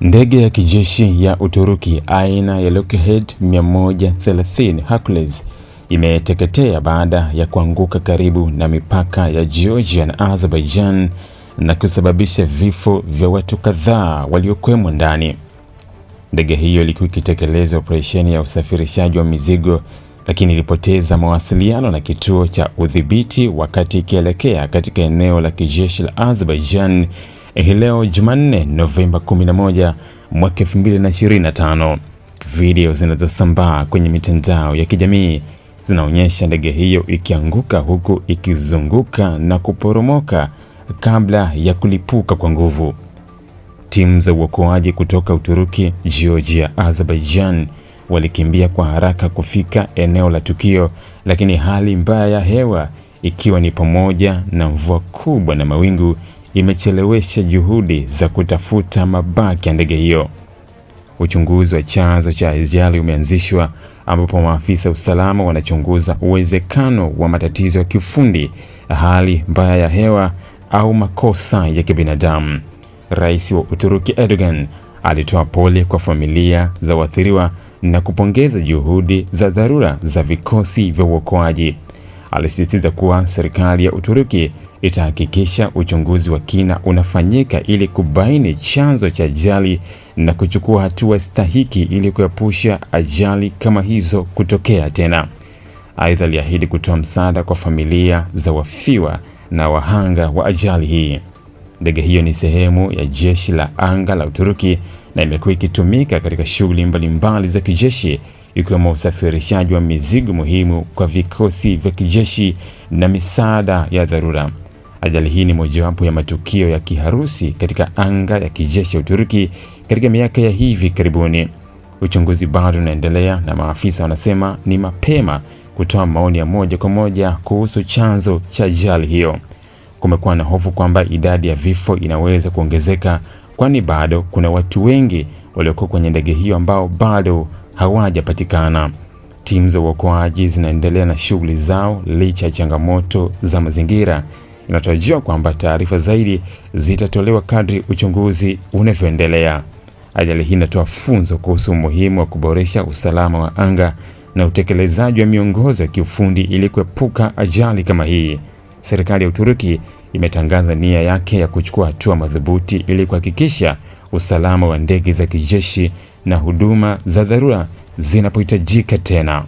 Ndege ya kijeshi ya Uturuki aina ya Lockheed 130 Hercules imeteketea baada ya kuanguka karibu na mipaka ya Georgia na Azerbaijan na kusababisha vifo vya watu kadhaa waliokwemo ndani. Ndege hiyo ilikuwa ikitekeleza operesheni ya usafirishaji wa mizigo, lakini ilipoteza mawasiliano na kituo cha udhibiti wakati ikielekea katika eneo la kijeshi la Azerbaijan hii leo Jumanne Novemba 11 mwaka 2025. Video zinazosambaa kwenye mitandao ya kijamii zinaonyesha ndege hiyo ikianguka huku ikizunguka na kuporomoka kabla ya kulipuka kwa nguvu. Timu za uokoaji kutoka Uturuki, Georgia, Azerbaijan walikimbia kwa haraka kufika eneo la tukio, lakini hali mbaya ya hewa ikiwa ni pamoja na mvua kubwa na mawingu imechelewesha juhudi za kutafuta mabaki ya ndege hiyo. Uchunguzi wa chanzo cha ajali umeanzishwa ambapo maafisa usalama wanachunguza uwezekano wa matatizo ya kiufundi, hali mbaya ya hewa au makosa ya kibinadamu. Rais wa Uturuki Erdogan alitoa pole kwa familia za waathiriwa na kupongeza juhudi za dharura za vikosi vya uokoaji. Alisisitiza kuwa serikali ya Uturuki itahakikisha uchunguzi wa kina unafanyika ili kubaini chanzo cha ajali na kuchukua hatua stahiki ili kuepusha ajali kama hizo kutokea tena. Aidha, aliahidi kutoa msaada kwa familia za wafiwa na wahanga wa ajali hii. Ndege hiyo ni sehemu ya jeshi la anga la Uturuki na imekuwa ikitumika katika shughuli mbalimbali za kijeshi ikiwemo usafirishaji wa mizigo muhimu kwa vikosi vya kijeshi na misaada ya dharura. Ajali hii ni mojawapo ya matukio ya kiharusi katika anga ya kijeshi ya Uturuki katika miaka ya hivi karibuni. Uchunguzi bado unaendelea na maafisa wanasema ni mapema kutoa maoni ya moja kwa moja kuhusu chanzo cha ajali hiyo. Kumekuwa na hofu kwamba idadi ya vifo inaweza kuongezeka, kwani bado kuna watu wengi waliokuwa kwenye ndege hiyo ambao bado hawajapatikana. Timu za uokoaji zinaendelea na shughuli zao licha ya changamoto za mazingira inatarajiwa kwamba taarifa zaidi zitatolewa kadri uchunguzi unavyoendelea. Ajali hii inatoa funzo kuhusu umuhimu wa kuboresha usalama wa anga na utekelezaji wa miongozo ya kiufundi ili kuepuka ajali kama hii. Serikali ya Uturuki imetangaza nia yake ya kuchukua hatua madhubuti ili kuhakikisha usalama wa ndege za kijeshi na huduma za dharura zinapohitajika tena.